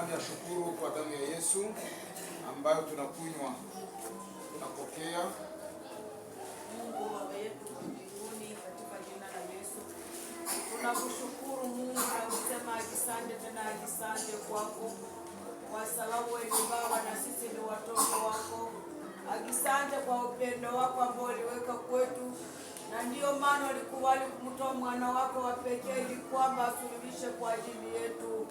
Sante ya shukuru kwa damu ya Yesu ambayo tunakunywa, tunapokea. Mungu baba yetu mbinguni, katika jina la Yesu tunakushukuru Mungu na kusema asante tena asante kwako kwa sababu wewe Baba na sisi ni watoto wako. Asante kwa upendo wako ambao uliweka kwetu na ndiyo maana ulikuwa kumtoa mwana wako wa pekee ili kwamba asuluhishe kwa ajili yetu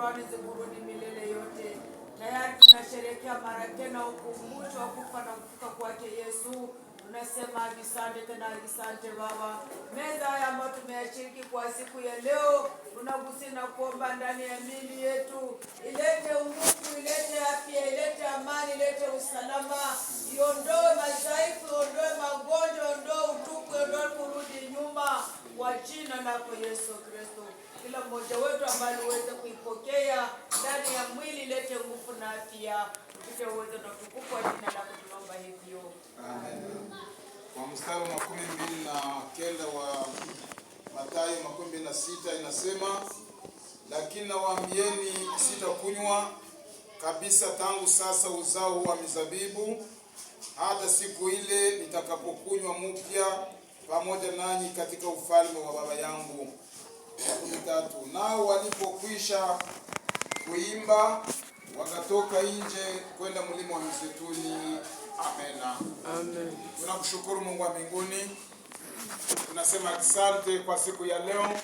shukrani ziburudi milele yote. Tayari tunasherehekea mara tena ukumbusho wa kufa na kufuka kwake Yesu. Tunasema asante tena asante Baba. Meza haya ambayo tumeyashiriki kwa siku ya leo, tunagusia na kuomba ndani ya mili yetu ilete umutu, ilete afya, ilete amani, ilete usalama, iondoe jina lako Yesu Kristo. Kila mmoja wetu ambaye uweze kuipokea ndani ya mwili lete nguvu na afya upite uweze na utukufu wa jina lako, tunaomba hivyo amen. Kwa mstari wa makumi mbili na kenda wa Mathayo makumi mbili na sita inasema lakini nawaambieni, sitakunywa kabisa tangu sasa uzao wa mizabibu hata siku ile nitakapokunywa mpya pamoja nanyi katika ufalme wa Baba yangu. Kumi tatu. Nao walipokwisha kuimba wakatoka nje kwenda mlima wa msituni. Amena. Amen. Tunakushukuru Mungu wa mbinguni, tunasema asante kwa siku ya leo,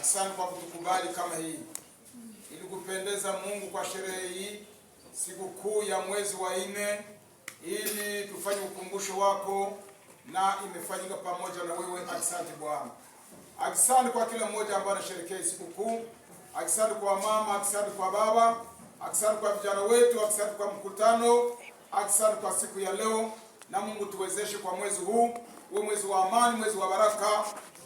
asante kwa kutukubali kama hii ili kupendeza Mungu kwa sherehe hii sikukuu ya mwezi wa nne, ili tufanye ukumbusho wako na imefanyika pamoja na wewe. Asante Bwana, asante kwa kila mmoja ambaye anasherehekea sikukuu, asante kwa mama, asante kwa baba, asante kwa vijana wetu, asante kwa mkutano, asante kwa siku ya leo, na Mungu tuwezeshe kwa mwezi huu uwe mwezi wa amani, mwezi wa baraka.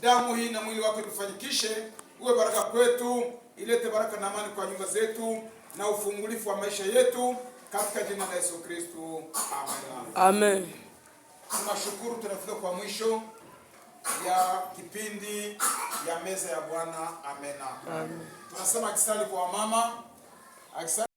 Damu hii na mwili wake tufanyikishe, uwe baraka kwetu, ilete baraka na amani kwa nyumba zetu na ufungulifu wa maisha yetu katika jina la Yesu Kristo, amen. Amen. Tunashukuru tunafika kwa mwisho ya kipindi ya meza ya Bwana. Amena, tunasema akisali kwa mama akisali